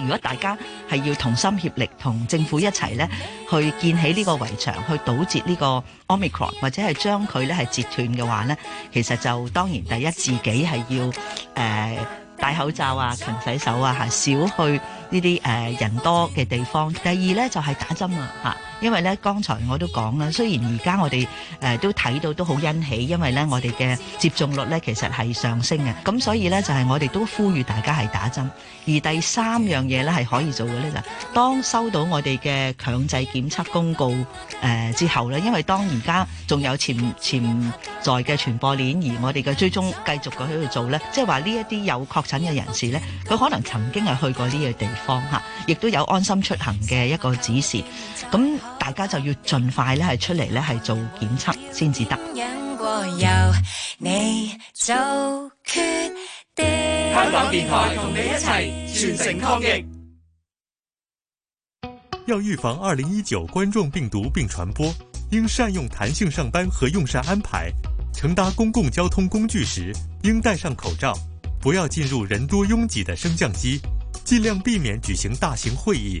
如果大家係要同心協力，同政府一齊咧，去建起呢個圍牆，去堵截呢個 Omicron，或者係將佢咧截斷嘅話咧，其實就當然第一自己係要誒、呃、戴口罩啊、勤洗手啊、嚇、少去呢啲、呃、人多嘅地方。第二咧就係、係、打針啊，嚇。因為咧，剛才我都講啦，雖然而家我哋誒、呃、都睇到都好欣喜，因為咧我哋嘅接種率咧其實係上升嘅，咁所以咧就係、是、我哋都呼籲大家係打針。而第三樣嘢咧係可以做嘅咧就是，當收到我哋嘅強制檢測公告誒、呃、之後咧，因為當而家仲有潛潛在嘅傳播鏈，而我哋嘅追蹤繼續嘅喺度做咧，即係話呢一啲有確診嘅人士咧，佢可能曾經係去過呢個地方吓，亦都有安心出行嘅一個指示，咁。大家就要盡快咧，係出嚟咧，係做檢測先至得。香港電台同你一齊，全城抗疫。要預防二零一九冠狀病毒病傳播，應善用彈性上班和用膳安排。乘搭公共交通工具時，應戴上口罩，不要進入人多擁擠的升降機，盡量避免舉行大型會議。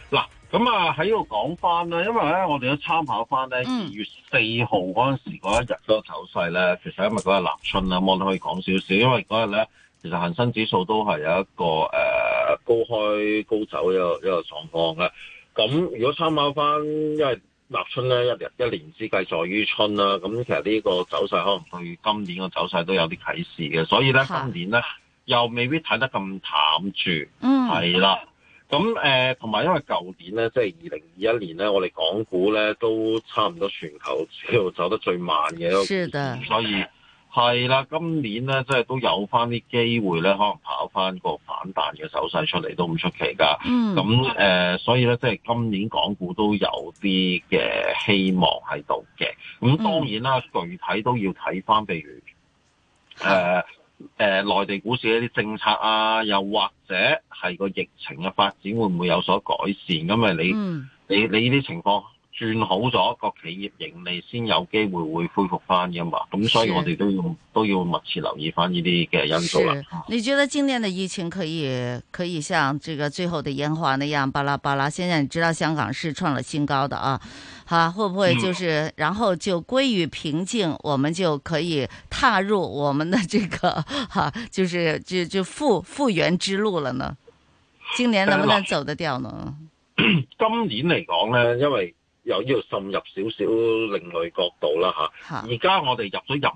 咁啊，喺度講翻啦。因為咧，我哋都參考翻咧二月四號嗰陣時嗰一日嗰個走勢咧，嗯、其實因為嗰日立春啦，我都可以講少少，因為嗰日咧，其實恒生指數都係有一個誒、呃、高開高走一個一個狀況嘅。咁如果參考翻，因為立春咧一日一年之計在於春啦，咁其實呢個走勢可能對今年個走勢都有啲啟示嘅，所以咧今年咧又未必睇得咁淡住，係啦、嗯。咁誒，同埋、呃、因為舊年咧，即係二零二一年咧，我哋港股咧都差唔多全球一路走得最慢嘅，是的所以係啦，今年咧即係都有翻啲機會咧，可能跑翻個反彈嘅手勢出嚟都唔出奇噶。咁誒、嗯呃，所以咧，即、就、係、是、今年港股都有啲嘅希望喺度嘅。咁當然啦，嗯、具體都要睇翻，譬如誒。 誒、呃，內地股市一啲政策啊，又或者係個疫情嘅發展會唔會有所改善？咁啊、嗯，你你你呢啲情況轉好咗，個企業盈利先有機會會恢復翻噶嘛。咁所以我哋都要是都要密切留意翻呢啲嘅因素啦。你覺得今年嘅疫情可以可以像這個最後的煙花那樣巴拉巴拉？現在你知道香港是創了新高的啊？啊，會不會就是然後就歸於平靜？嗯、我們就可以踏入我們的這個哈、啊，就是就就復復原之路了呢？今年能不能走得掉呢？嗯、今年嚟講咧，因為又要滲入少少另類角度啦，吓。而家我哋入咗壬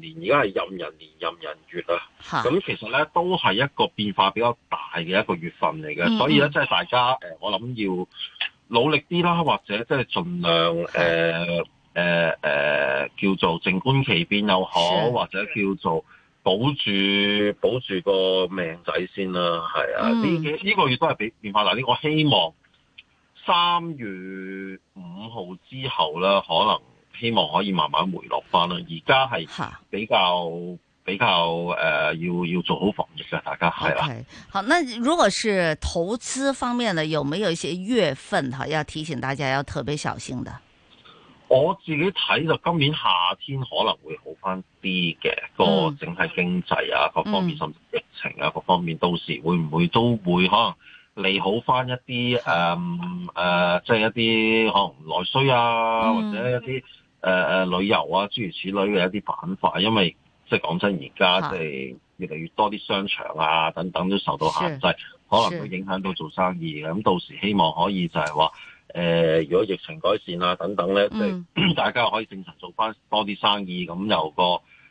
寅年，而家係壬寅年壬寅月啊，咁、嗯、其實咧都係一個變化比較大嘅一個月份嚟嘅，嗯、所以咧即係大家誒，我諗要。努力啲啦，或者即係盡量誒誒誒叫做靜觀其變又好，的或者叫做保住保住個命仔先啦，係啊，呢幾呢個月都係比變化啦呢、這個我希望三月五號之後咧，可能希望可以慢慢回落翻啦。而家係比較。比較誒、呃，要要做好防疫嘅，大家係啦。係 okay. 好，那如果是投資方面呢，有沒有一些月份哈，啊，要提醒大家要特別小心的？我自己睇就今年夏天可能會好翻啲嘅，那個整體經濟啊，各、嗯、方面甚至疫情啊，各、嗯、方面到時會唔會都會可能利好翻一啲誒誒，即係一啲可能內需啊，嗯、或者一啲誒誒旅遊啊，諸如此類嘅一啲板塊，因為。即係講真，而家即係越嚟越多啲商場啊，等等都受到限制，是可能會影響到做生意嘅。咁到時希望可以就係話，誒、呃，如果疫情改善啊，等等咧，即係、嗯、大家可以正常做翻多啲生意，咁又個。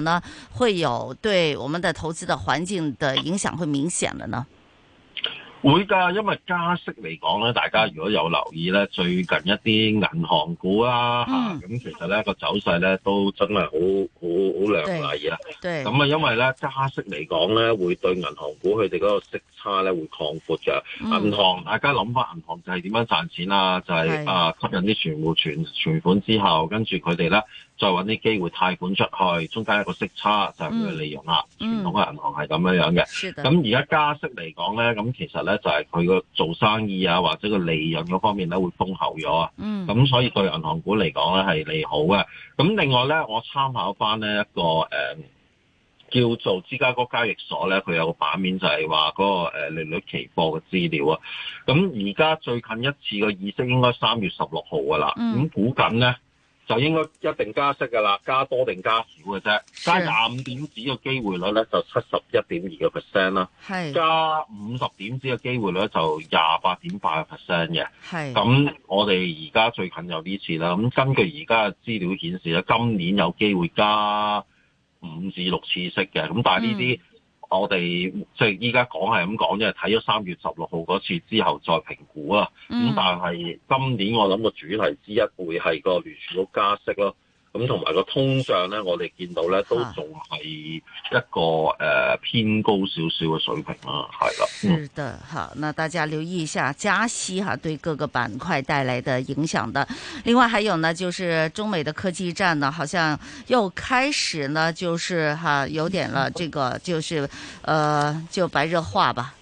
呢會有對我們的投資的環境的影響會明顯了呢？會噶，因為加息嚟講呢，大家如果有留意呢，最近一啲銀行股啦、啊、吓，咁、嗯啊嗯、其實呢個走勢呢都真係好好好靚麗啦。咁啊，因為呢加息嚟講呢會對銀行股佢哋嗰個息差呢會擴闊嘅。嗯、銀行，大家諗翻銀行就係點樣賺錢啦、啊，就係、是、啊，是的吸引啲存戶、存存款之後，跟住佢哋呢。再揾啲機會貸款出去，中間一個息差就係佢嘅利用啦。嗯、傳統嘅銀行係咁樣樣嘅。咁而家加息嚟講咧，咁其實咧就係佢個做生意啊，或者個利潤嗰方面咧會豐厚咗。咁、嗯、所以對銀行股嚟講咧係利好嘅。咁另外咧，我參考翻呢一個誒、呃、叫做芝加哥交易所咧，佢有個版面就係話嗰個利率期貨嘅資料啊。咁而家最近一次嘅議息應該三月十六號噶啦。咁估緊咧。嗯就應該一定加息嘅啦，加多定加少嘅啫。加廿五點子嘅機會率咧就七十一點二嘅 percent 啦。係是加五十點子嘅機會率就廿八點八 percent 嘅。係咁，是我哋而家最近有呢次啦。咁根據而家嘅資料顯示咧，今年有機會加五至六次息嘅。咁但係呢啲我哋即係依家講係咁講，即係睇咗三月十六號嗰次之後再評估啦。咁但係今年我諗個主題之一會係個聯儲都加息咯。咁同埋個通脹咧，我哋見到咧都仲係一個誒好、呃、偏高少少嘅水平啦、啊，係啦。是的，嗯、好，那大家留意一下加息哈、啊，對各個板塊帶來的影響的。另外，還有呢，就是中美的科技戰呢，好像又開始呢，就是哈、啊，有點了，這個就是，呃，就白熱化吧。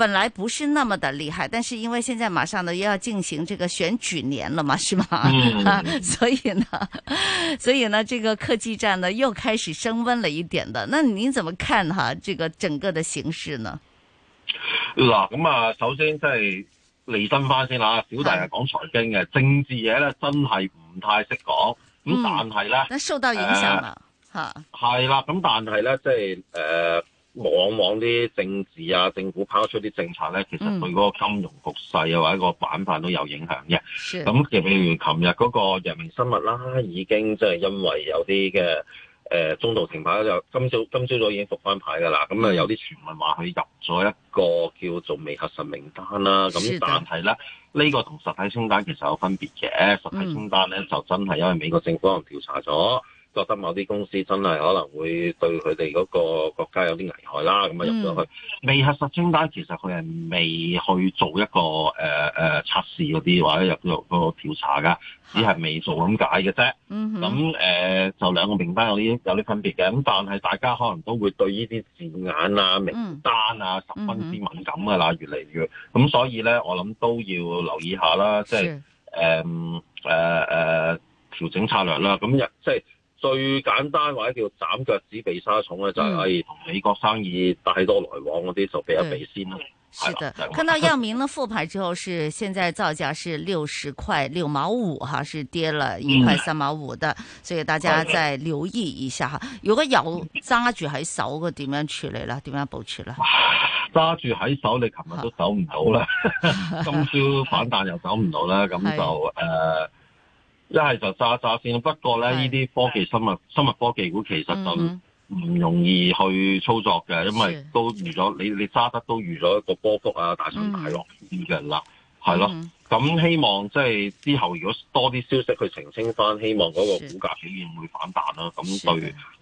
本來不是那麼的厲害，但是因為現在馬上呢又要進行這個選舉年了嘛，是嘛？嗯、 所以呢，所以呢，這個科技戰呢又開始升溫了一點的。那你怎麼看哈、啊？這個整個的形勢呢？嗱，咁啊，首先即係離身翻先啦。小弟係講財經嘅，政治嘢咧真係唔太識講。咁但係咧，那受到影響嘛？吓、嗯，係啦、嗯。咁但係咧，即係誒。往往啲政治啊，政府拋出啲政策咧，其實對嗰個金融局勢啊，或者個板塊都有影響嘅。咁譬的如，琴日嗰個人民生物啦、啊，已經即係因為有啲嘅誒中途停牌，就今朝今朝早已經復翻牌噶啦。咁啊，有啲傳聞話佢入咗一個叫做未核實名單啦、啊。咁但係咧，呢的個同實體清單其實有分別嘅。實體清單咧、嗯、就真係因為美國政府調查咗。覺得某啲公司真係可能會對佢哋嗰個國家有啲危害啦，咁啊入咗去、嗯、未核實清單，其實佢係未去做一個誒誒、呃呃、測試嗰啲，或者入咗個調查噶，只係未做咁解嘅啫。咁誒、嗯哼呃、就兩個名單有啲有啲分別嘅，咁但係大家可能都會對呢啲字眼啊、名單啊、嗯、哼十分之敏感噶啦，越嚟越咁，所以咧我諗都要留意下啦，是即係誒誒誒調整策略啦。咁、嗯、入即係。最簡單或者叫斬腳趾避沙蟲咧，就係同美國生意太多來往嗰啲，就避一避先咯。係啦，看到藥明呢復牌之後，是現在造價是六十塊六毛五，哈，是跌了一塊三毛五的，所以大家再留意一下。如果有揸住喺手嘅，點樣處理啦？點樣部署啦？揸住喺手，你琴日都守唔到啦，今朝反彈又守唔到啦，咁就誒。一係就揸揸先，不過咧呢啲是科技、生物、生物科技股其實就唔容易去操作嘅，是因為都預咗，你你揸得都預咗一個波幅啊，大上大落啲嘅啦，係咯。咁希望即、就、係、是、之後如果多啲消息去澄清翻，希望嗰個股價表現會反彈啦、啊。咁的對。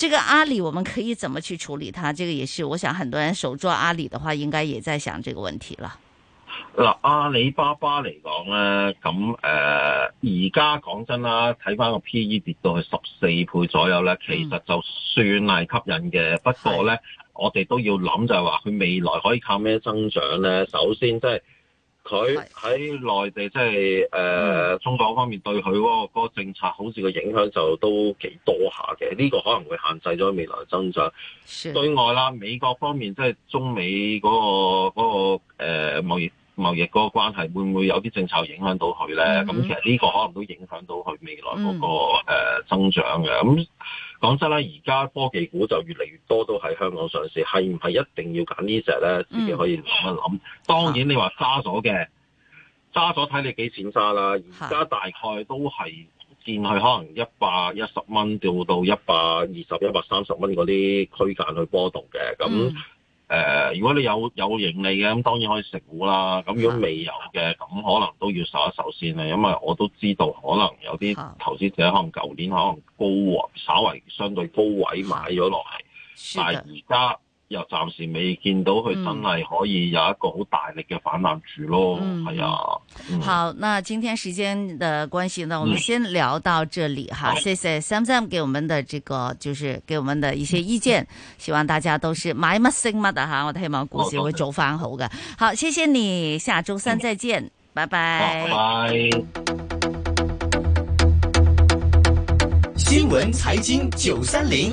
這個阿里我們可以怎麼去處理它？這個也是，我想很多人手揸阿里的話，應該也在想這個問題啦。嗱、啊，阿里巴巴嚟講咧，咁誒，而家講真啦，睇翻個 PE 跌到去十四倍左右咧，其實就算係吸引嘅，嗯、不過咧，的我哋都要諗就係話佢未來可以靠咩增長咧。首先即係。佢喺內地即係誒中國方面對佢嗰個政策，好似個影響就都幾多下嘅。呢、這個可能會限制咗未來嘅增長。的對外啦，美國方面即係、就是、中美嗰、那個嗰、那個、呃、貿易貿易嗰個關係，會唔會有啲政策影響到佢咧？咁、mm hmm. 其實呢個可能都影響到佢未來嗰、那個、mm hmm. 呃、增長嘅。咁講真啦，而家科技股就越嚟越多都喺香港上市，係唔係一定要揀呢隻咧？自己可以諗一諗。嗯、當然你話揸咗嘅，揸咗睇你幾錢揸啦。而家、嗯、大概都係見佢可能一百一十蚊調到一百二十一百三十蚊嗰啲區間去波動嘅咁。誒、呃，如果你有有盈利嘅，咁當然可以食股啦。咁如果未有嘅，咁的可能都要守一守先啦。因為我都知道可能有啲投資者可能舊年可能高稍為相對高位買咗落嚟，的但係而家。又暫時未見到佢真係可以有一個好大力嘅反彈住咯，係啊、嗯。哎嗯、好，那今天時間嘅關係，呢，嗯、我們先聊到這裡哈。嗯、謝謝 Sam Sam 給我們的這個，就是給我們的一些意見。嗯、希望大家都是 my 買買的哈，我哋希望股市會做翻好嘅。哦、謝謝好，謝謝你，下周三再見，嗯、拜拜。拜拜。新聞財經九三零。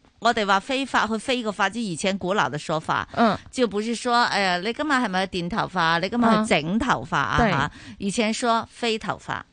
我哋話飛髮去飛個髮，即係以前古老嘅說法，嗯、就不是說誒、哎，你今日係咪電頭髮？你今日去整頭髮啊？吓、啊，以前說飛頭髮。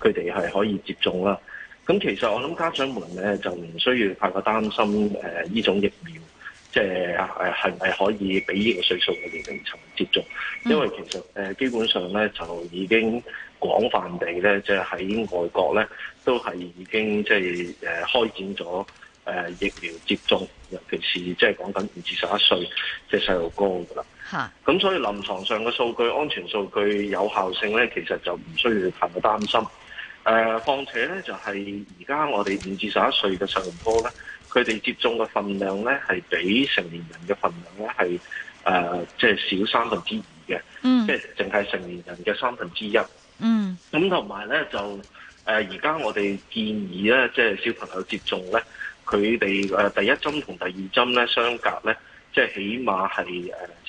佢哋係可以接種啦。咁其實我諗家長們咧就唔需要太過擔心誒呢、呃、種疫苗，即係誒係咪可以俾呢個歲數嘅年齡層接種？嗯、因為其實誒、呃、基本上咧就已經廣泛地咧即係喺外國咧都係已經即係誒開展咗誒、呃、疫苗接種，尤其是即係講緊五至十一歲即係細路哥㗎啦。嚇、就是！咁、啊、所以臨床上嘅數據、安全數據、有效性咧，其實就唔需要太過擔心。誒、呃，況且咧，就係而家我哋五至十一歲嘅小朋友咧，佢哋接種嘅份量咧，係比成年人嘅份量咧係誒，即係、呃就是、少三分之二嘅，嗯、即係淨係成年人嘅三分之一。嗯，咁同埋咧就誒，而、呃、家我哋建議咧，即、就、係、是、小朋友接種咧，佢哋誒第一針同第二針咧相隔咧，即、就、係、是、起碼係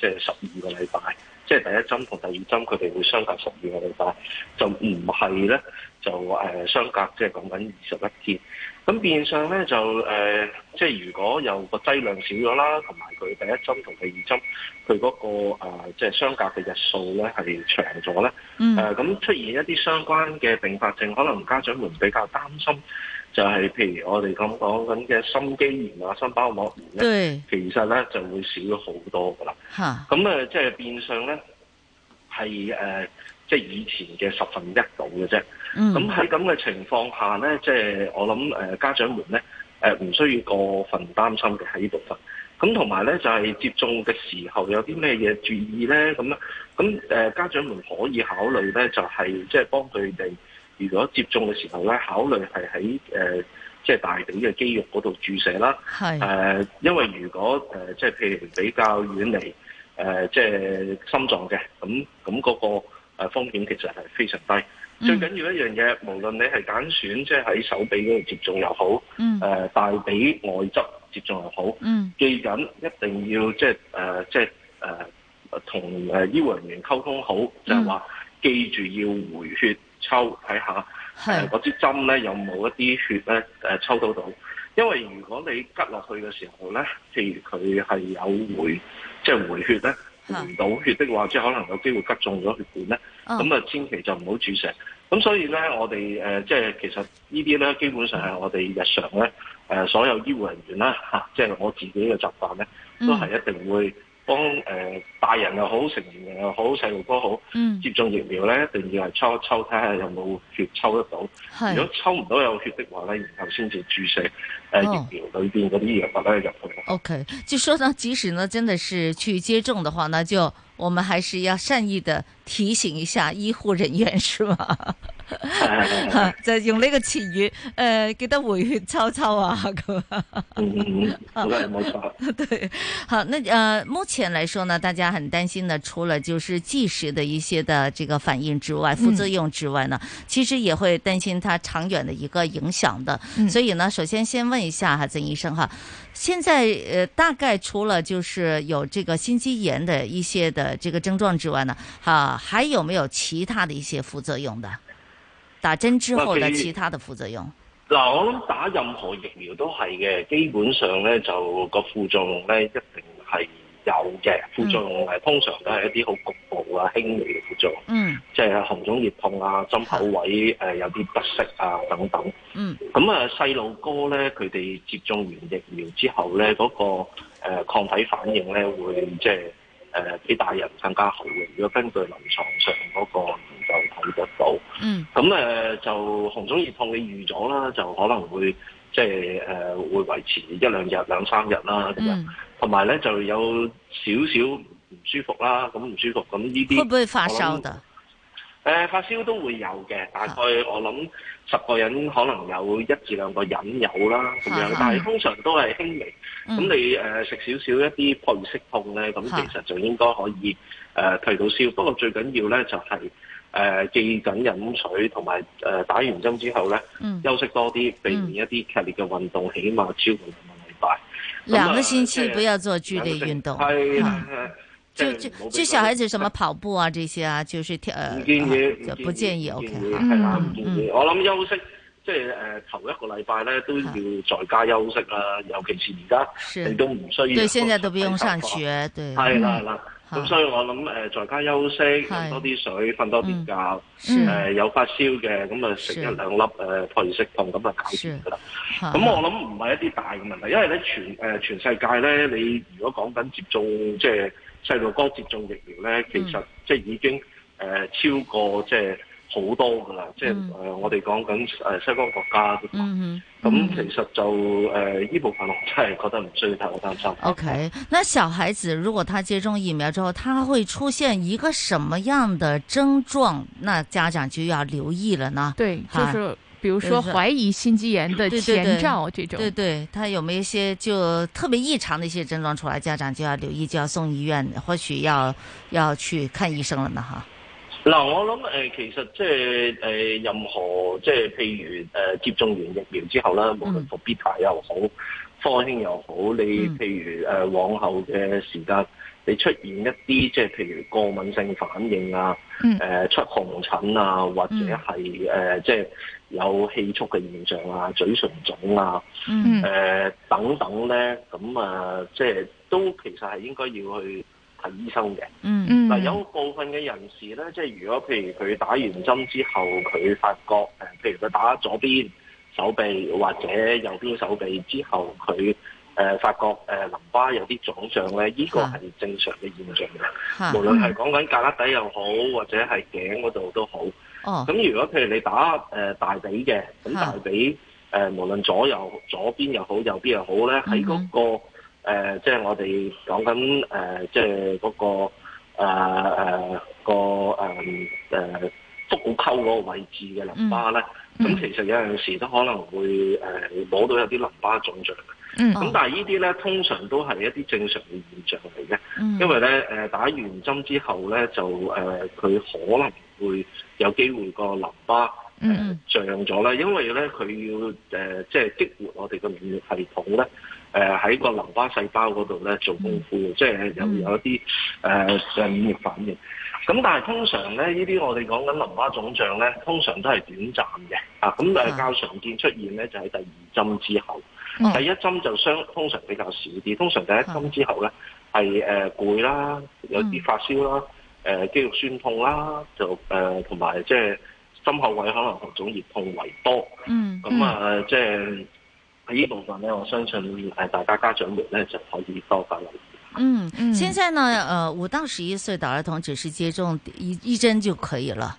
即係十二個禮拜。即係第一針同第二針，佢哋會相隔十二個禮拜，就唔係咧，就誒、呃、相隔即係講緊二十一天。咁變相咧就誒、呃，即係如果有個劑量少咗啦，同埋佢第一針同第二針佢嗰、那個、呃、即係相隔嘅日數咧係長咗咧。誒咁、嗯呃、出現一啲相關嘅併發症，可能家長們比較擔心。就係譬如我哋咁講緊嘅心肌炎啊、心包膜炎咧，對其實咧就會少咗好多噶啦。咁誒哈，即係、就係、變相咧係即係以前嘅十分一度嘅啫。咁喺咁嘅情況下咧，即、就、係、係、我諗、呃、家長們咧唔、呃、需要過分擔心嘅喺呢部分。咁同埋咧就係、係、接種嘅時候有啲咩嘢注意咧？咁啊，咁、呃、家長們可以考慮咧，就係即係幫佢哋。如果接種嘅時候咧，考慮係喺誒即係大髀嘅肌肉嗰度注射啦。係誒是、呃，因為如果誒即係譬如比較遠離誒即係心臟嘅，咁咁嗰個誒風險其實係非常低。嗯、最緊要一樣嘢，無論你係揀選即係喺手臂嗰度接種又好，誒、嗯呃、大髀外側接種又好，嗯、記緊一定要即係誒即係誒同誒醫護人員溝通好，嗯、就係話記住要回血。抽睇下，誒嗰的、呃、支針咧有冇一啲血咧誒、呃、抽到到？因為如果你拮落去嘅時候咧，譬如佢係有回，即係回血咧，的回唔到血的話，即係可能有機會拮中咗血管咧。咁啊、哦，就千祈就唔好注射。咁所以咧，我哋誒即係其實呢啲咧，基本上係我哋日常咧誒、呃、所有醫護人員啦、啊，即係我自己嘅習慣咧，都係一定會。嗯幫誒、呃、大人又好，成年人又好，細路都好，嗯、接種疫苗咧，一定要係抽一抽，睇下有冇血抽得到。是如果抽唔到有血的話咧，然後先至注射誒、呃哦、疫苗裏邊嗰啲藥物咧入去。O、okay, K，就說到即使呢真的是去接種的話，那就我們還是要善意的提醒一下醫護人員，是嗎？係、 呃、啊，就用那個詞語呃，記得回去抄抄啊咁啊，嗯，冇錯，對，好，那呃，目前來說呢，大家很擔心的，除了就是即時的一些的這個反應之外，副作用之外呢，嗯、其實也會擔心它長遠的一個影響的。嗯、所以呢，首先先問一下哈、啊，曾醫生哈，現在呃，大概除了就是有這個心肌炎的一些的這個症狀之外呢，哈、啊，還有沒有其他的一些副作用的？打針之後有其他嘅副作用。嗱、呃，我諗打任何疫苗都係嘅，基本上咧，就個副作用咧一定係有嘅，副作用係通常都係一啲好局部啊、輕微嘅副作用，副作用嗯，即係紅腫熱痛啊、針口位誒是、呃、有啲不適啊等等，嗯，咁啊細路哥咧佢哋接種完疫苗之後咧嗰個誒、呃、抗體反應咧會即係誒比大人更加好嘅，如果根據臨床上嗰個。就睇得到，咁誒、嗯嗯嗯、就紅腫熱痛，你預咗啦，就可能會即係誒會維持一兩日、兩三日啦，咁樣同埋咧就有少少唔舒服啦。咁唔舒服咁呢啲，會唔會發燒㗎？誒、呃，發燒都會有嘅，大概、啊、我諗十個人可能有一至兩個人有啦，咁、啊、樣，但係通常都係輕微。咁、嗯、你食少少一啲撲熱息痛咧，咁其實就應該可以退、呃、到燒。不過最緊要咧就係、是。誒記緊飲水，同埋誒打完針之後咧，休息多啲，避免一啲劇烈嘅運動起碼超過兩個禮拜。兩個星期不要做劇烈運動，係，就就就小孩子什麼跑步啊，這些啊，就是跳，唔建議，不建議 ok 議，係啦，唔建議。我諗休息，即係誒頭一個禮拜咧，都要在家休息啦，尤其是而家你都唔需要。對現在都不用上學對係啦，係啦。咁、嗯、所以我諗誒、呃、在家休息，飲多啲水，瞓是多啲覺誒、嗯呃、有發燒嘅，咁啊食一兩粒誒退熱、呃、食痛，咁啊搞掂㗎啦。咁、嗯嗯、我諗唔係一啲大嘅問題，因為咧全、呃、全世界咧，你如果講緊接種即係、就是、細路哥接種疫苗咧，其實即係已經、呃、超過即係。就是好多㗎喇，即係誒、嗯呃，我哋講緊誒、呃、西方國家咁，嗯、哼其實就誒呢、呃嗯、哼部分我真係覺得唔需要太過擔心。OK，那小孩子如果他接種疫苗之後，他會出現一個什麼樣的症狀，那家長就要留意了呢？對，就是比如說懷疑心肌炎的前兆這種。對，對，對，對，對，對他有冇有一些就特別異常的一些症狀出來，家長就要留意，就要送醫院，或許要要去看醫生了呢？哈。嗱、嗯，我諗誒、呃，其實即係誒，任何即係譬如誒、呃，接種完疫苗之後啦，無論復必泰又好，科興又好，你譬如誒、呃、往後嘅時間，你出現一啲即係譬如過敏性反應啊，誒、呃、出紅疹啊，或者係誒、呃、即係有氣促嘅現象啊，嘴唇腫啊，誒、嗯呃、等等咧，咁啊、呃，即係都其實係應該要去。係醫生嘅，嗱、嗯嗯、有部分嘅人士咧，即係如果譬如佢打完針之後，佢發覺誒，譬如佢打左邊手臂或者右邊手臂之後，佢誒、呃、發覺誒、呃、淋巴有啲腫脹咧，呢、這個係正常嘅現象嘅，啊啊、無論係講緊胳肋底又好，或者係頸嗰度都好。咁、啊、如果譬如你打誒、呃、大髀嘅，咁、啊啊、大髀誒、呃、無論左右，左邊又好右邊又好咧，喺嗰、啊啊那個。誒、呃，即係我哋講緊誒、呃，即係、那、嗰個、呃、啊啊個誒腹股溝嗰個位置嘅淋巴咧，咁、嗯嗯、其實有陣時都可能會誒、呃、摸到有啲淋巴腫脹嘅。嗯。咁但係呢啲咧，通常都係一啲正常嘅現象嚟嘅。嗯、因為咧誒、呃，打完針之後咧，就誒佢、呃、可能會有機會個淋巴嗯脹咗咧，因為咧佢要誒、呃、即係激活我哋嘅免疫系統咧。誒喺、呃、個淋巴細胞嗰度咧做功夫，嗯、即係有有一啲誒上免疫反應。咁但係通常咧，呢啲我哋講緊淋巴腫脹咧，通常都係短暫嘅。啊，咁誒較常見出現咧就係、是、第二針之後，第一針就相通常比較少啲。通常第一針之後咧係誒攰啦，有啲發燒啦，誒、呃、肌肉酸痛啦，就誒同埋即係心口位可能紅腫熱痛為多。嗯，咁啊即係。嗯呃就是呢部分咧，我相信誒大家家長們咧就可以多份留意。嗯，現在呢，呃，五到十一歲的兒童只是接種一一針就可以了。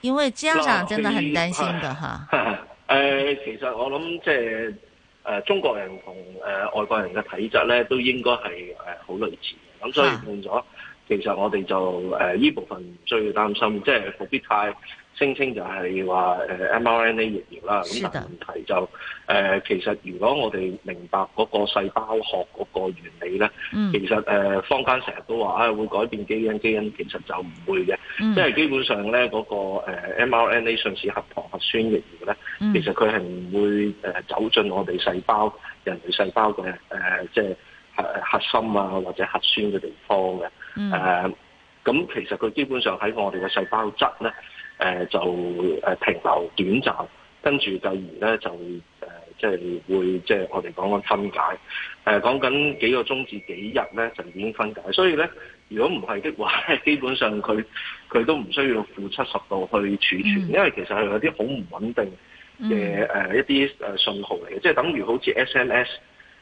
因為家長真的很擔心的哈。誒、啊啊呃，其實我諗即係誒，中國人同誒、呃、外國人嘅體質咧，都應該係誒好類似咁、啊、所以變咗，其實我哋就誒呢、呃、部分唔需要擔心，即、就、係、是、不必太。聲稱就係話 mRNA 疫苗啦，咁但的問題就、呃、其實如果我哋明白嗰個細胞學嗰個原理咧，嗯、其實方、呃、坊間成日都話啊、哎、會改變基因，基因其實就唔會嘅，即係、嗯、基本上咧嗰、嗰個 mRNA 信使核糖核酸疫苗咧，嗯、其實佢係唔會走進我哋細胞人類細胞嘅、呃、即核核心啊或者核酸嘅地方嘅，咁、嗯啊、其實佢基本上喺我哋嘅細胞質咧。誒、呃、就停留短暫，跟住繼而咧就誒即係會即係我哋講緊分解，誒、呃、講緊幾個鐘至幾日咧就已經分解，所以咧如果唔係的話咧，基本上佢佢都唔需要負七十度去儲存，嗯、因為其實係有啲好唔穩定嘅誒、呃、一啲信號嚟嘅，嗯、即係等於好似 SMS，誒、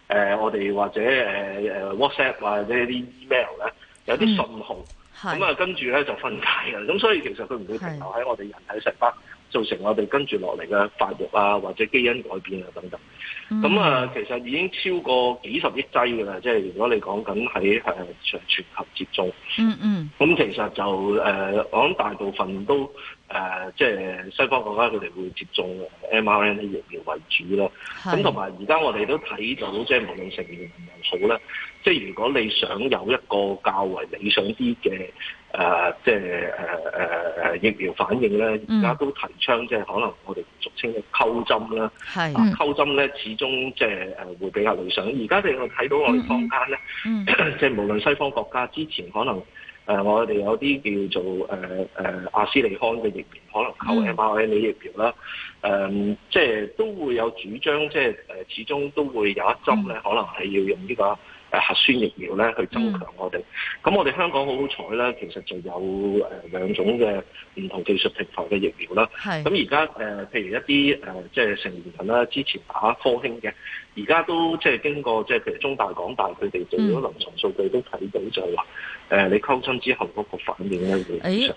呃、我哋或者、呃、WhatsApp 或者一啲 email 咧，有啲信號。嗯咁啊，跟住咧就分解嘅，咁所以其實佢唔會停留喺我哋人體細胞，造成我哋跟住落嚟嘅發育啊，或者基因改變啊等等。咁、嗯、啊，其實已經超過幾十億劑㗎啦，即係如果你講緊喺全球接種。嗯嗯。咁、嗯、其實就誒、呃，我諗大部分都。誒、呃，即係西方國家，佢哋會接種 mRNA 疫苗為主咯。咁同埋，而家我哋都睇到，即係無論成員又好啦，即係如果你想有一個較為理想啲嘅誒，即係誒、呃、疫苗反應咧，而家都提倡即係可能我哋俗稱嘅溝針啦是、啊。溝針咧始終即係誒、呃、會比較理想。而家你我睇到我哋坊間咧，即係無論西方國家之前可能。誒、呃，我哋有啲叫做誒誒、呃呃、阿斯利康嘅疫苗，可能購 mRNA 疫苗啦。誒、嗯，即係、嗯就是、都會有主張，即、就、係、是、始終都會有一針咧，可能係要用呢、這個。啊、核酸疫苗咧，去增強我哋。咁、嗯、我哋香港好好彩啦，其實就有誒、呃、兩種嘅唔同技術平台嘅疫苗啦。咁而家誒，譬如一啲誒，即、呃、係、就是、成年人啦，之前打科興嘅，而家都即係經過即係譬如中大、港大佢哋做咗臨床數據都睇到就話：誒、嗯呃，你溝親之後嗰個反應咧，會上。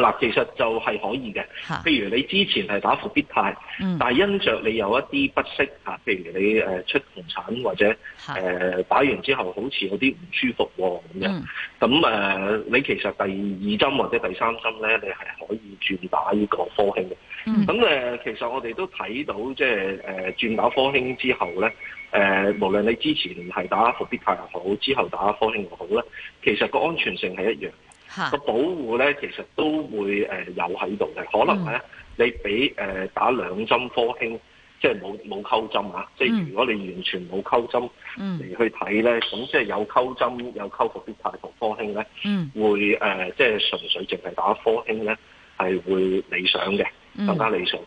嗱、啊，其實就係可以嘅。譬如你之前係打復必泰，嗯、但係因着你有一啲不適吓，譬如你誒出紅疹或者誒打、呃、完之後好似有啲唔舒服咁樣，咁誒、嗯呃、你其實第二針或者第三針咧，你係可以轉打呢個科興嘅。咁誒、嗯呃，其實我哋都睇到即係誒轉打科興之後咧，誒、呃、無論你之前係打復必泰又好，之後打科興又好咧，其實個安全性係一樣。個保護咧，其實都會誒、呃、有喺度嘅。可能咧、啊，你俾誒、呃、打兩針科興，即係冇冇溝針啊。即係如果你完全冇溝針嚟、嗯、去睇咧，咁即係有溝針、有溝復必泰同科興咧，嗯、會誒、呃、即係純粹淨係打科興咧，係會理想嘅，更加、嗯、理想。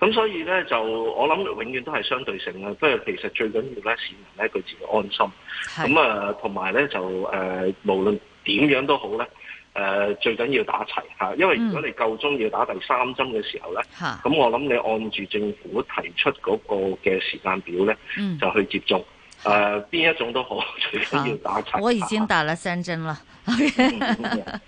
咁所以咧，就我諗永遠都係相對性啦。不過其實最緊要咧，市民咧佢自己安心。咁啊是，同埋咧就誒、呃，無論點樣都好咧。嗯嗯。誒、呃、最緊要打齊，因為如果你夠鍾要打第三針嘅時候呢，咁、嗯、我諗你按住政府提出嗰個嘅時間表呢，嗯、就去接種誒邊、呃、一種都好，最緊要打齊、嗯。我已經打了三針了、Okay.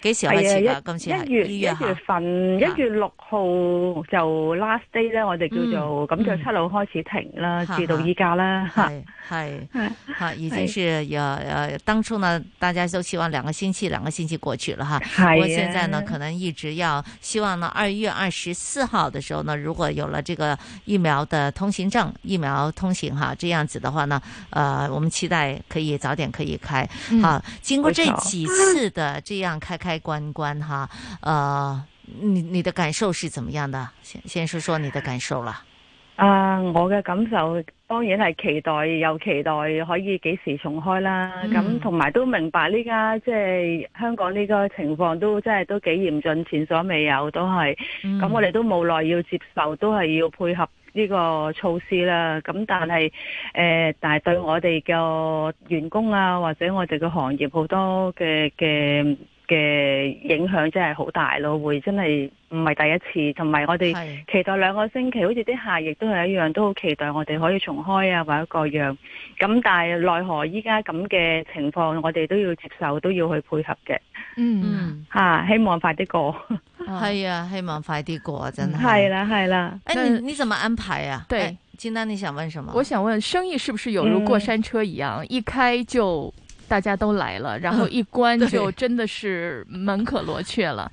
幾時開始啊？一月一月份一、啊、月六號就 last day 咧，我哋叫做咁、嗯、就七號開始停啦，至、嗯、到依家啦，吓係吓，已經是有呃、啊、當初呢，大家都希望兩個星期，兩個星期過去啦哈，不過、啊、現在呢，可能一直要希望呢二月二十四號的時候呢，如果有了這個疫苗的通行證，疫苗通行哈，這樣子的話呢，誒、呃，我們期待可以早點可以開，好、嗯啊，經過這幾次的這樣開開，嗯開關關哈，誒、啊呃，你你的感受是怎麼樣的？先先說說你的感受啦、啊。我嘅感受當然係期待又期待，有期待可以幾時重開啦。咁同埋都明白，呢家即係香港呢個情況都真係都幾嚴峻，前所未有，都係咁。嗯、我哋都無奈要接受，都係要配合呢個措施啦。咁但係誒，但係、呃、對我哋嘅員工啊，或者我哋嘅行業好多嘅嘅。嘅影響真係好大咯，會真係唔係第一次，同埋我哋期待兩個星期，的好似啲客亦都係一樣，都好期待我哋可以重開啊，或者各樣。咁但係奈何依家咁嘅情況，我哋都要接受，都要去配合嘅。嗯，嚇，希望快啲過。係啊，希望快啲過、啊、過，真係。係啦，係啦。誒那，你那，你怎麼安排啊？對，金丹，你想問什麼？我想問生意是不是有如過山車一樣，嗯、一開就？大家都來了，然後一關就真的是門可羅雀了。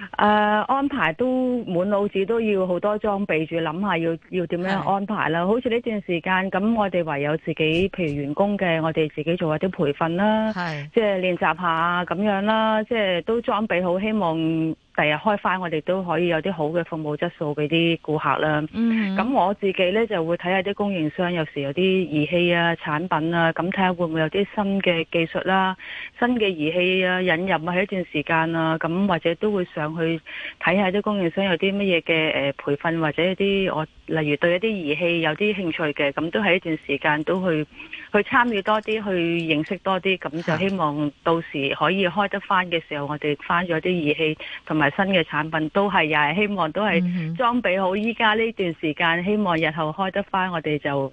誒、 呃，安排都滿腦子都要好多裝備住，諗下要要點樣安排啦。是好似呢段時間，咁我哋唯有自己，譬如員工嘅，我哋自己做一啲培訓啦，是即係練習下咁樣啦，即係都裝備好，希望。係啊，開翻我哋都可以有啲好嘅服務質素俾啲顧客啦。咁、mm hmm. 我自己呢，就會睇下啲供應商，有時有啲儀器啊、產品啊，咁睇下會唔會有啲新嘅技術啦、啊、新嘅儀器啊引入啊，喺一段時間啊，咁或者都會上去睇下啲供應商有啲乜嘢嘅誒培訓或者一啲我例如對一啲儀器有啲興趣嘅，咁都喺一段時間都去。去參與多啲，去認識多啲，咁就希望到時可以開得翻嘅時候，我哋翻咗啲儀器同埋新嘅產品，都係又係希望都係裝備好。依家呢段時間，希望日後開得翻，我哋就。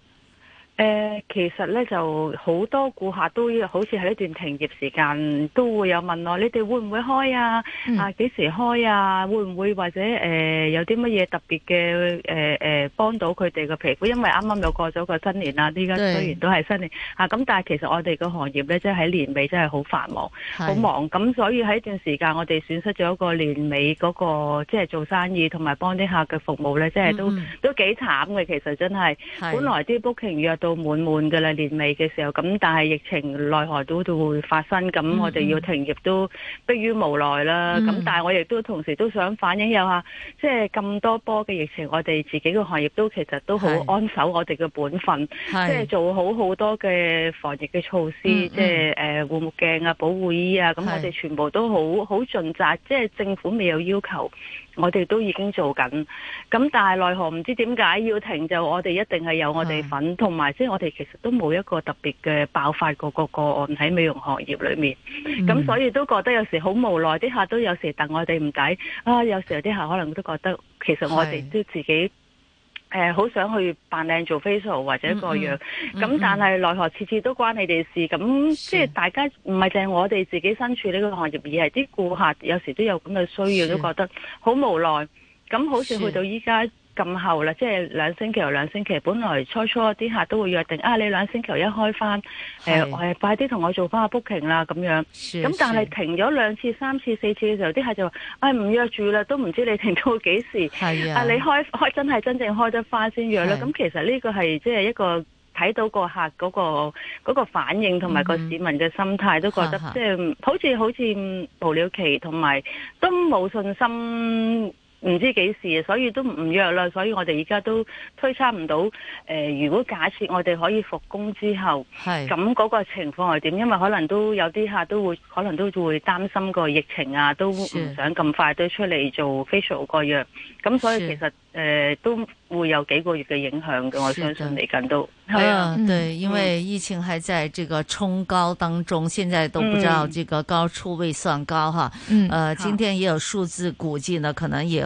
誒、呃，其實咧就好多顧客都好似喺呢段停業時間都會有問我，你哋會唔會開啊？嗯、啊幾時開啊？會唔會或者誒、呃、有啲乜嘢特別嘅誒誒幫到佢哋嘅皮膚？因為啱啱又過咗個新年啦，依家雖然都係新年嚇，咁對、啊、但係其實我哋個行業咧，即係喺年尾真係好繁忙、好是忙。咁所以喺一段時間，我哋損失咗一個年尾嗰、那個即係、就是、做生意同埋幫啲客嘅服務咧，即、就、係、是、都嗯嗯都幾慘嘅。其實真係，本來啲 booking 約到滿滿嘅啦，年尾嘅時候，咁但係疫情奈何都都會發生，咁我哋要停業都迫於無奈啦。咁、嗯嗯、但係我亦都同時都想反映一下，即係咁多波嘅疫情，我哋自己個行業都其實都好安守我哋嘅本分，即係是做好好多嘅防疫嘅措施，是即係誒護目鏡啊、保護衣啊，咁是我哋全部都好好盡責，即、就、係、是、政府未有要求。我哋都已經做緊，咁但係奈何唔知點解要停就我哋一定係有我哋份，同埋是即係我哋其實都冇一個特別嘅爆發個個個案喺美容行業裏面，咁、嗯、所以都覺得有時好無奈，啲客都有時戥我哋唔抵，啊，有時有啲客可能都覺得其實我哋都自己。誒，好、呃、想去扮靚做 facial 或者一個樣，咁、嗯嗯、但係奈何次次都關你哋事，咁是即係大家唔係淨係我哋自己身處呢個行業，而係啲顧客有時都有咁嘅需要，是都覺得好無奈，咁好似去到依家。咁後啦，即係兩星期兩兩星期，本來初初啲客都會約定啊，你兩星期一開翻，誒誒，快啲同我做翻個 booking 啦，咁樣。咁是但係停咗兩次、三次、四次嘅時候，啲客就話，唉、哎，唔約住啦，都唔知你停到幾時，啊，啊，你開開真係真正開得翻先約啦。咁是、嗯、其實呢個係即係一個睇到個客嗰個嗰個反應同埋個市民嘅心態，嗯、都覺得即係哈、就是、好似好似無了期，同埋都冇信心。唔知幾時，所以都唔約啦。所以我哋而家都推測唔到，誒、呃、如果假設我哋可以復工之後，係咁嗰個情況係點，因為可能都有啲客都會可能都會擔心個疫情啊，都唔想咁快都出嚟做 facial 個約，咁是所以其實誒是、呃、都會有幾個月嘅影響嘅，的我相信嚟緊都係啊。對，因為疫情還在這個衝高當中，嗯、現在都不知道這個高處未算高哈。嗯。啊、嗯今天也有數字估計呢，可能也。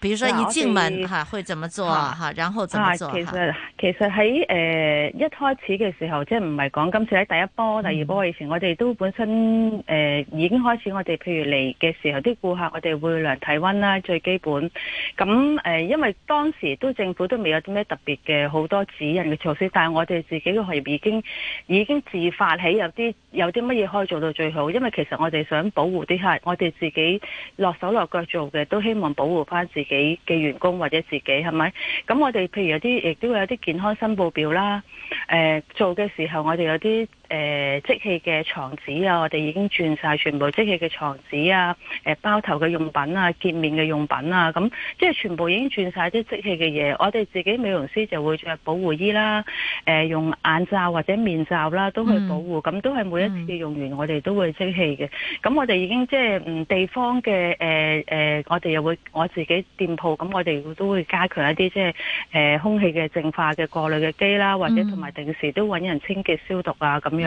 比如說一進門哈會怎麼做哈，啊、然後怎麼做？啊，其實其實喺誒、呃、一開始嘅時候，即係唔係講今次喺第一波、第二波以前，嗯、我哋都本身誒、呃、已經開始我們，我哋譬如嚟嘅時候，啲顧客我哋會量體溫啦，最基本。咁、嗯、誒、呃，因為當時都政府都未有啲咩特別嘅好多指引嘅措施，但係我哋自己嘅行業已經已經自發起有啲有啲乜嘢可以做到最好。因為其實我哋想保護啲客，我哋自己落手落腳做嘅，都希望保護翻自己。己嘅員工或者自己係咪？咁我哋譬如有啲，亦都會有啲健康申報表啦。誒、呃，做嘅時候我哋有啲。誒即棄嘅床紙啊，我哋已經轉晒全部即棄嘅床紙啊，呃、包頭嘅用品啊，潔面嘅用品啊，咁即係全部已經轉晒啲即棄嘅嘢。我哋自己美容師就會穿保護衣啦、呃，用眼罩或者面罩啦，都去保護。咁、嗯、都係每一次用完、嗯、我哋都會即棄嘅。咁我哋已經即係唔地方嘅誒、呃呃、我哋又會我自己店鋪，咁我哋都會加強一啲即係、呃、空氣嘅淨化嘅過濾嘅機啦，或者同埋定時都搵人清潔消毒啊咁。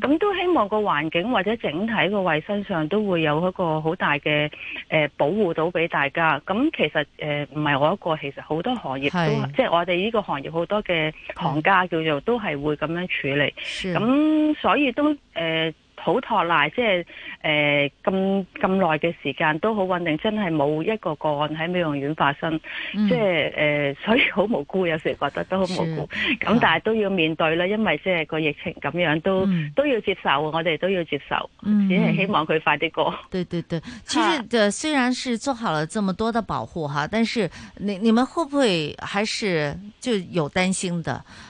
咁、嗯、都希望個環境或者整體個衛生上都會有一個好大嘅誒、呃、保護到俾大家。咁其實誒唔係我一個，其實好多行業都是即係我哋呢個行業好多嘅行家叫做都係會咁樣處理。咁是所以都誒。呃好托賴，即係誒咁咁耐嘅時間都好穩定，真係冇一個個案喺美容院發生，嗯、即係誒、呃，所以好無辜，有時覺得都好無辜，咁是但係都要面對啦，因為即係個疫情咁樣都，都、嗯、都要接受，我哋都要接受，嗯、只係希望佢快啲過。對對對，其實，對，雖然是做好了這麼多的保護哈，但是你你們會不會還是就有擔心的？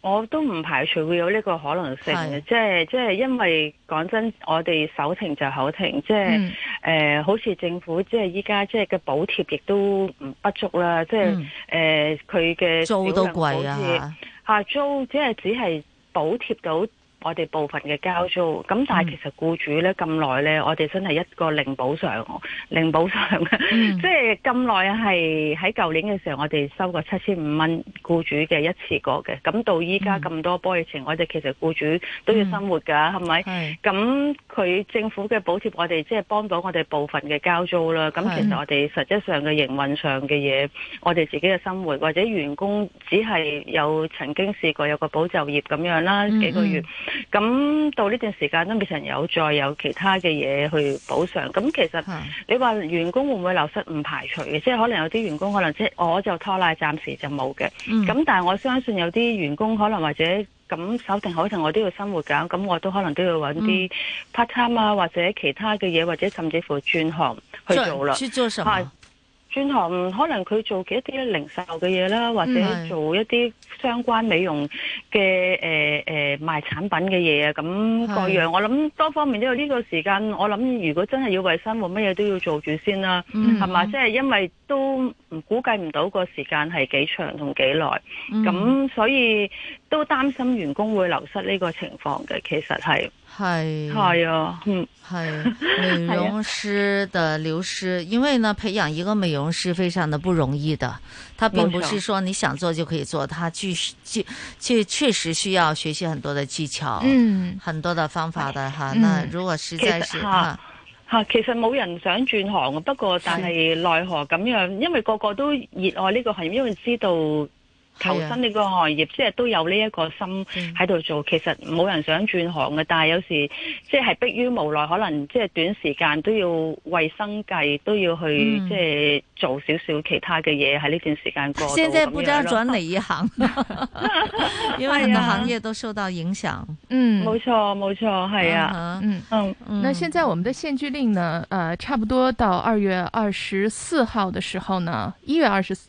我都唔排除會有呢個可能性嘅是，即係即係因為講真，我哋手停就口停，即係誒、嗯呃，好似政府即係依家即係嘅補貼亦都唔不足啦，嗯、即係誒佢嘅租都貴啦嚇，租即係只係補貼到。我哋部分嘅交租咁，但係其實雇主呢，咁耐呢，我哋真係一個零補償，零補償即係咁耐係喺舊年嘅時候，我哋收過七千五蚊雇主嘅一次過嘅，咁到依家咁多波疫情，嗯、我哋其實雇主都要生活㗎，係咪、嗯？咁佢是政府嘅補貼，就是、幫我哋即係幫到我哋部分嘅交租啦。咁其實我哋實質上嘅營運上嘅嘢，我哋自己嘅生活或者員工只係有曾經試過有個保就業咁樣啦，嗯、幾個月。嗯咁到呢段時間都未曾有再有其他嘅嘢去補償。咁其實你話員工會唔會流失？唔排除嘅， 即係可能有啲員工可能即係我就拖拉，暫時就冇嘅。咁、嗯、但係我相信有啲員工可能或者咁手停口停，我都要生活㗎。咁我都可能都要揾啲 part time 啊，嗯、或者其他嘅嘢，或者甚至乎轉行去做啦。去做什麼？轉行可能佢做嘅一啲零售嘅嘢啦，或者做一啲相關美容嘅誒誒賣產品嘅嘢啊，咁各樣。的我諗多方面都有呢個時間。我諗如果真係要為生活，乜嘢都要做住先啦，係嘛，嗯哼？即係、就是、因為都估計唔到個時間係幾長同幾耐，咁、嗯、哼所以都擔心員工會流失呢個情況嘅。其實係。係係、hey, 啊，hey, 嗯，係美容師的流失，啊，因為呢，培養一個美容師非常的不容易的，他並不是說你想做就可以做，他確確實需要學習很多的技巧，嗯、很多的方法的哈，那如果實在是吓、啊、哈，其實冇人想轉行，不過但係奈何咁樣，因為個個都熱愛呢個行業，因為知道。投身呢個行業，即係都有呢一個心喺度做。其實冇人想轉行嘅，但係有時即係逼於無奈，可能即係短時間都要為生計，都要去即係做少少其他嘅嘢喺呢段時間過現在不知道轉另一行，因為個行業都受到影響。嗯，冇錯冇錯，係啊，嗯嗯。那現在我們的限聚令呢，呃，差不多到二月二十四號嘅時候呢，一月二十四。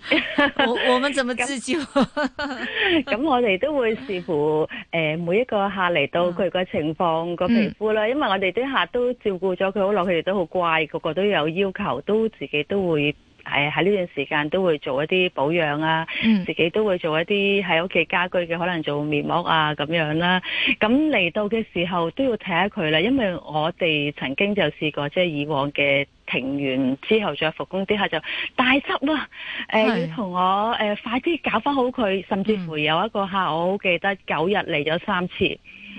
我我們怎麼自救？咁 我哋都會視乎誒、呃，每一個客嚟到佢個情況個、嗯、皮膚啦。因為我哋啲客都照顧咗佢好耐，佢哋都好乖，個個都有要求，都自己都會誒喺呢段時間都會做一啲保養啊，嗯、自己都會做一啲喺屋企家居嘅，可能做面膜啊咁樣啦。咁嚟到嘅時候都要睇下佢啦，因為我哋曾經就試過即係以往嘅。停完之後，再復工啲客就大執啦。誒是、呃、要同我、呃、快啲搞翻好佢，甚至乎有一個客、嗯、我好記得，九日嚟咗三次。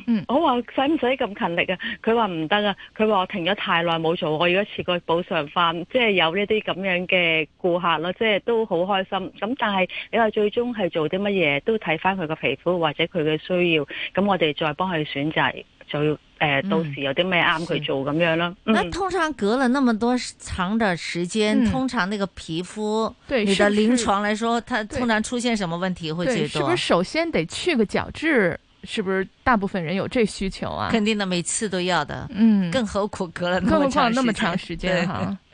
嗯，我話使唔使咁勤力啊？佢話唔得啊。佢話停咗太耐冇做，我而家次過補償翻，即係有呢啲咁樣嘅顧客咯，即係都好開心。咁但係你話最終係做啲乜嘢，都睇翻佢個皮膚或者佢嘅需要，咁我哋再幫佢選擇。就誒、呃，到時有啲咩啱佢做咁樣咯？嗯嗯、那通常隔了那麼多長的時間，嗯、通常那個皮膚，對你的臨床來說，是它通常出現什麼問題會最多？是不是首先得去個角質？是不是大部分人有這需求啊？肯定的，每次都要的。嗯，更何況隔了那麼長時間。對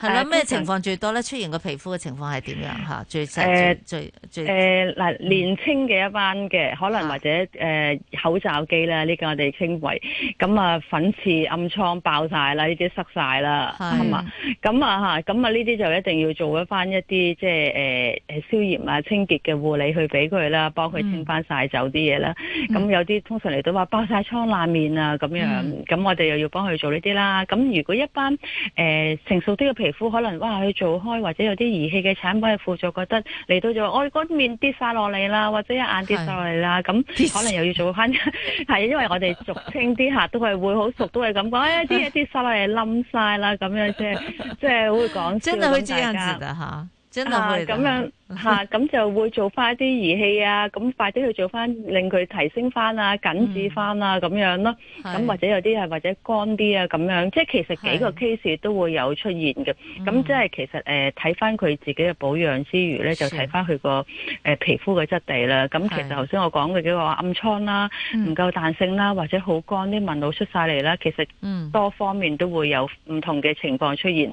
係啦，咩情況最多咧？出現個皮膚嘅情況係點樣吓？最細最最誒，嗱，年青嘅一班嘅，可能或者誒口罩機啦，呢個我哋稱為咁啊，粉刺暗瘡爆晒啦，呢啲塞晒啦，係嘛？咁啊吓，咁啊呢啲就一定要做一翻一啲即係誒誒消炎啊清潔嘅護理去俾佢啦，幫佢清翻晒走啲嘢啦。咁有啲通常嚟到話爆晒瘡爛面啊咁樣，咁我哋又要幫佢做呢啲啦。咁如果一班誒，成熟啲嘅皮膚，可能哇去做開，或者有啲儀器嘅產品去輔助，覺得嚟到就我嗰、哦、面跌晒落嚟啦，或者一眼跌晒落嚟啦，咁是可能又要做翻，係 因為我哋俗稱啲客都係會好熟，都係咁講，哎，啲嘢跌晒落嚟冧晒啦，咁樣即係即係會講，真係會這樣子。咁、啊、樣吓，咁、啊、就會做返啲儀器啊，咁 快啲去做翻，令佢提升翻啊，緊致翻啊，咁、嗯、樣咯。咁是或者有啲係，或者乾啲啊，咁樣。即係其實幾個 case 都會有出現嘅。咁是即係其實誒，睇翻佢自己嘅保養之餘咧，是就睇翻佢個誒皮膚嘅質地啦。咁其實頭先我講嘅幾個暗瘡啦，唔夠彈性啦，嗯、或者好乾啲紋路出晒嚟啦，其實多方面都會有唔同嘅情況出現。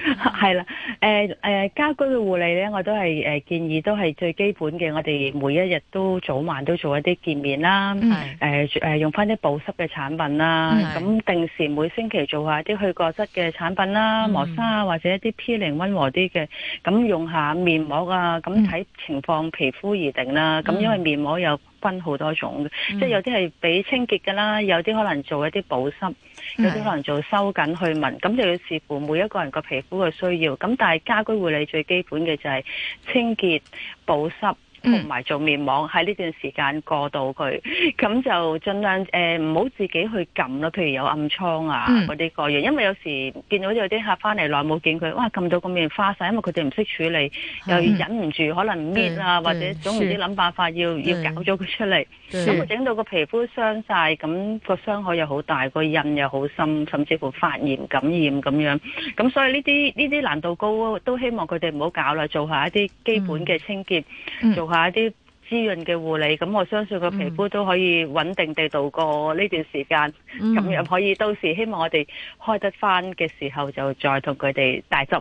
係啦，誒誒、 呃呃，家居嘅護理咧，我都係誒、呃、建議都係最基本嘅，我哋每一日都早晚都做一啲潔面啦，誒誒、mm hmm. 呃，用翻啲保濕嘅產品啦，咁、mm hmm. 定時每星期做下啲去角質嘅產品啦，磨砂、啊、或者一啲 p 零溫和啲嘅，咁用一下面膜啊，咁睇情況、mm hmm. 皮膚而定啦，咁因為面膜又。分好多種嘅，即係有啲係俾清潔嘅啦，有啲可能做一啲保濕，有啲可能做收緊去紋，咁就要視乎每一個人個皮膚嘅需要。咁但係家居護理最基本嘅就係清潔保濕。同埋、嗯、做面膜喺呢段時間過渡佢，咁就盡量誒唔好自己去撳咯。譬如有暗瘡啊嗰啲個樣，因為有時見到有啲客翻嚟耐冇見佢，哇撳到個面花晒，因為佢哋唔識處理，嗯、又忍唔住可能搣啊，嗯、或者、嗯、總唔知諗辦法要、嗯、要搞咗佢出嚟，咁整、嗯、到皮膚傷，個皮膚傷晒，咁個傷害又好大，個印又好深，甚至乎發炎感染咁樣。咁所以呢啲呢啲難度高，都希望佢哋唔好搞啦，做下一啲基本嘅清潔、嗯、做。買一啲滋潤嘅護理，咁我相信個皮膚都可以穩定地度過呢段時間。咁又、嗯、可以到時希望我哋開得翻嘅時候就再同佢哋大執。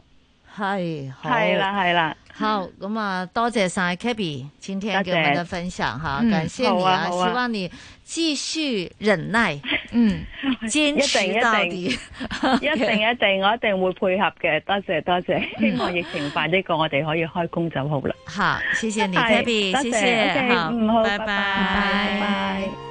係，係啦，係啦，好咁啊！多謝晒 Kabi 今天給我們的分享吓，感謝你啊！希望你繼續忍耐，嗯，堅持到底，一定一定，我一定會配合嘅。多謝多謝，希望疫情辦呢個，我哋可以開工就好啦。好，謝謝你，Kabi，多謝，好，拜拜，拜拜。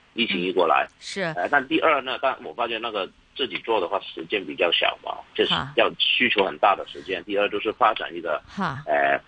疫情一,一過來，嗯、是但第二呢？但我發現那個自己做的話，時間比較少嘛，就是要需求很大的時間。哈第二就是發展一個誒哈、呃，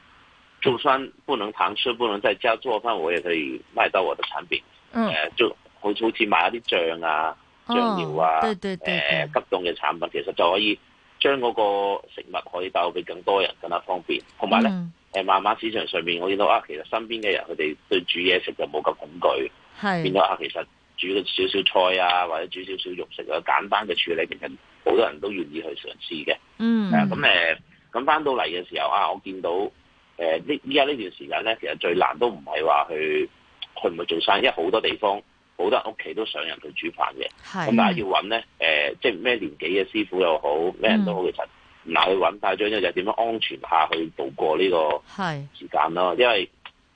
就算不能堂食不能在家做飯，我也可以賣到我的產品。嗯，呃、就好似買啲醬啊、醬料啊、哦，對對對，誒、呃，急凍嘅產品其實就可以將嗰個食物可以帶俾更多人更加方便。同埋呢誒、嗯呃，慢慢市場上面我見到啊，其實身邊的人佢哋對煮嘢食就冇咁恐懼。係變咗啊！是其實煮個少少菜啊，或者煮少少肉食啊，簡單嘅處理，其實好多人都願意去嘗試嘅。嗯，誒，咁誒，咁翻到嚟嘅時候啊，我見到誒，呢依家呢段時間咧，其實最難都唔係話去去唔去做生意，因為好多地方好多屋企都上人、嗯、去煮飯嘅。係咁，但係要搵咧，誒，即係咩年紀嘅師傅又好，咩人都好，其實嗱去搵大張，就係點樣安全下去度過呢個時間咯。是因為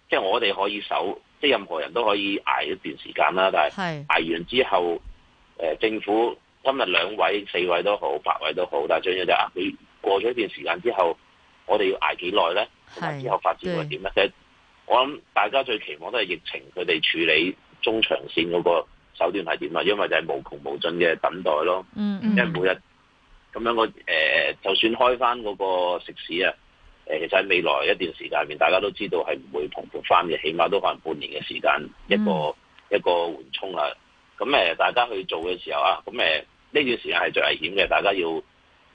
即係我哋可以守。即係任何人都可以挨一段時間啦，但係挨完之後，是呃、政府今日兩位、四位都好，八位都好，但係最緊要就係啊，佢過咗一段時間之後，我哋要挨幾耐咧？是同埋之後發展會點咧？對其實我諗大家最期望都係疫情佢哋處理中長線嗰個手段係點啊？因為就係無窮無盡嘅等待咯。因為、嗯、每日咁樣我、呃、就算開翻嗰個食肆啊！誒，其實喺未來一段時間入面，大家都知道係唔會蓬勃翻嘅，起碼都可能半年嘅時間一個、嗯、一個緩衝啦。咁、嗯、大家去做嘅時候啊，咁、嗯、呢段時間係最危險嘅，大家要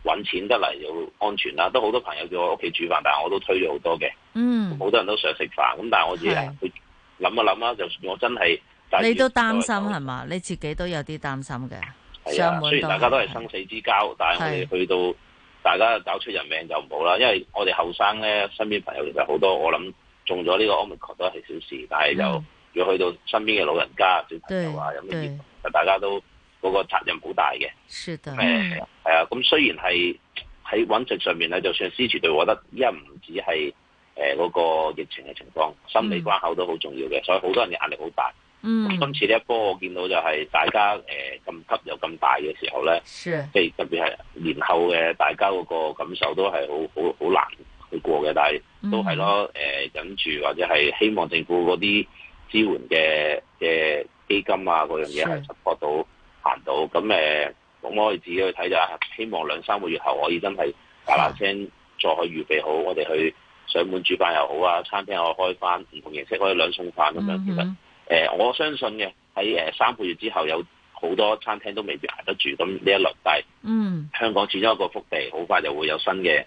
揾錢得嚟要安全啦。都好多朋友叫我屋企煮飯，但我都推咗好多嘅。嗯，好多人都想食飯，咁但係我知諗是一諗啦就算我真係你都擔心係嘛？你自己都有啲擔心嘅，啊、上門雖雖然大家都係生死之交，是但係我哋去到。大家搞出人命就唔好啦，因為我哋後生咧，身邊朋友其實好多，我諗中咗呢個 Omicron 都係小事，嗯、但係就如果去到身邊嘅老人家小朋友啊，對有咩對大家都嗰、那個責任好大嘅。是的。係啊、嗯，咁、嗯、雖然係喺穩陣上面咧，就算司柱隊，我覺得一唔止係誒嗰個疫情嘅情況，心理關口都好重要嘅，嗯、所以好多人嘅壓力好大。.嗯，今次呢一波我見到就係大家誒咁急又咁大嘅時候咧，即係是特別係年後嘅大家嗰個感受都係好好好難去過嘅，但係都係咯誒、呃、忍住或者係希望政府嗰啲支援嘅嘅基金啊嗰樣嘢係執獲到是行到，咁誒咁我可以自己去睇就係、希望兩三個月後我可以真係嗱嗱聲再去以預備好，是我哋去上門煮飯又好啊，餐廳我開翻唔同形式可以兩餸飯咁樣，嗯嗯其實。誒、呃，我相信嘅喺誒三個月之後有好多餐廳都未必捱得住，咁呢一落低，嗯，香港始終一個福地，好快就會有新嘅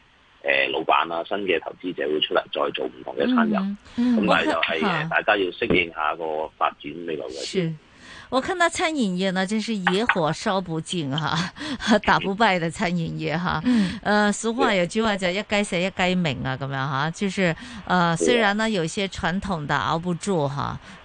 老闆、啊、新嘅投資者會出嚟再做唔同嘅餐飲，咁但就係大家要適應一下個發展未來嘅事。我看到餐飲業呢，真是野火燒不盡哈、啊啊，打不敗的餐飲業哈。啊、嗯，誒俗話有句話叫一雞死一雞鳴啊，咁樣哈，就是誒、啊、雖然呢有些傳統的熬不住哈。啊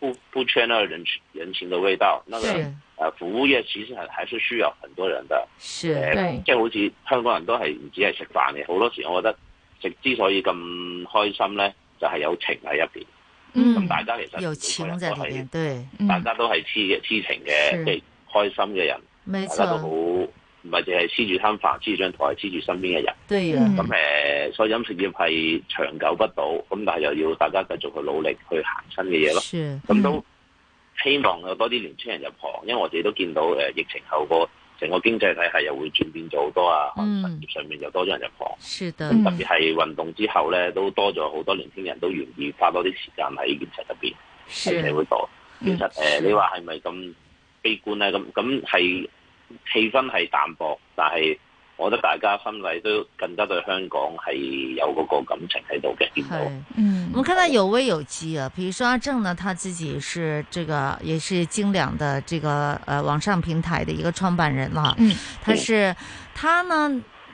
不不缺呢人情人情的味道，那個誒服務業其實還還是需要很多人的。是，對。即係好似香港人都係唔止係食飯嘅，好多時我覺得食之所以咁開心咧，就係、是、有情喺入邊。咁、嗯、大家其實個人有情喺入邊，對。大家都係痴嘅痴情嘅，是開心嘅人，錯大家都好。唔係淨係黐住攤飯、黐住張台、黐住身邊嘅人。對啊的。咁誒，所以飲食業係長久不倒，咁但係又要大家繼續去努力去行新嘅嘢咯。咁的都希望有多啲年輕人入行，因為我哋都見到誒疫情後個成個經濟體系又會轉變咗好多啊。嗯。可能物業上面又多咗人入行。是，的那特別係運動之後咧，都多咗好多年輕人都願意花多啲時間喺現實入邊，的喺社會度。的其實誒的、呃，你話係咪咁悲觀咧？咁咁係。氣氛係淡薄，但係我覺得大家心裏都更加對香港係有嗰個感情喺度嘅，見到嗯是嗯，我們看到有危有機啊，譬如說阿正呢，他自己是這個也是精良的這個呃網上平台的一個創辦人啦，啊。嗯，他是，嗯、他呢。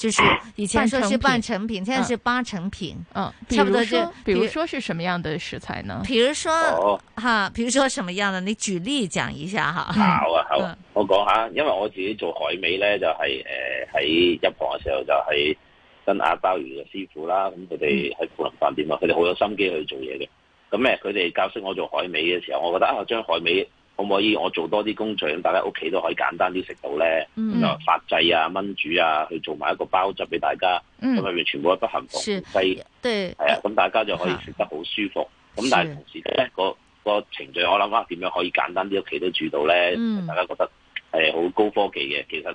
就是以前說是半成品，嗯、現在是八成品。嗯、啊，啊、差不多就比，比如說是什麼樣的食材呢？比如說，哈、哦啊，比如說什麼樣的？你舉例講一下哈。哦嗯、好啊，好，我講下，因為我自己做海味咧，就係誒喺入行嘅時候就係跟阿鮑魚嘅師傅啦，咁佢哋喺富林飯店啊，佢哋好有心機去做嘢嘅。咁咩？佢哋教識我做海味嘅時候，我覺得啊，我將海味。可唔可以我做多啲工序，咁大家屋企都可以簡單啲食到咧？咁、嗯、啊，發製啊、炆煮啊，去做埋一個包就俾大家，咁入、嗯、面全部係不含防腐劑，係啊，咁大家就可以食得好舒服。咁是但係同時咧，個個程序我諗啊，點樣可以簡單啲，屋企都煮到咧？大家覺得係好高科技嘅，其實。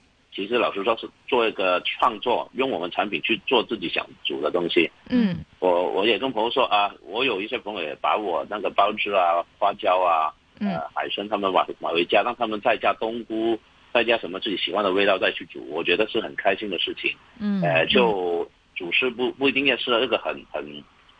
其實老實說，是做一個創作，用我們產品去做自己想煮的東西。嗯，我我也跟朋友說啊，我有一些朋友也把我那個鮑汁啊、花椒啊、呃海參，他們買買回家，讓他們再加冬菇，再加什麼自己喜歡的味道再去煮，我覺得是很開心的事情。嗯，呃、就煮食不不一定然是一個很很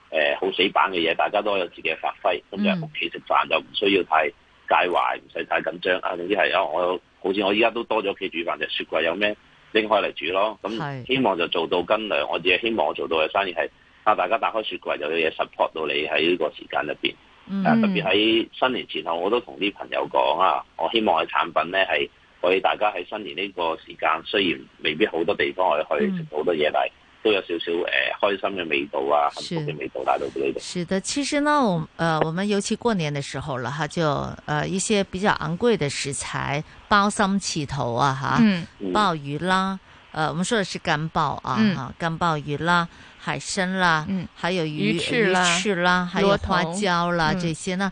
呃好死板的嘢，大家都有自己發揮，咁就平時食飯就唔需要太介懷，唔使太緊張啊。你還要我。好似我依家都多咗屋企煮飯，就雪櫃有咩拎開嚟煮咯。咁希望就做到斤兩，我只係希望我做到嘅生意係，啊，大家打開雪櫃就有嘢 support 到你喺呢個時間入面。啊，特別喺新年前後，我都同啲朋友講啊，我希望嘅產品咧係可以大家喺新年呢個時間，雖然未必好多地方可以食到好多嘢嚟。嗯，但都有少少誒、呃、開心嘅味道啊，幸福嘅味道是帶到呢度。是的，其實呢，我、呃、我們尤其過年嘅時候啦，哈，就呃一些比較昂貴嘅食材，鮑參、翅肚啊，哈、啊，嗯、鮑魚啦，呃我們說嘅是乾鮑啊，哈、嗯，乾鮑魚啦，海參啦，嗯，還有魚魚翅啦，翅啦還有花椒啦，桶嗯、這些呢。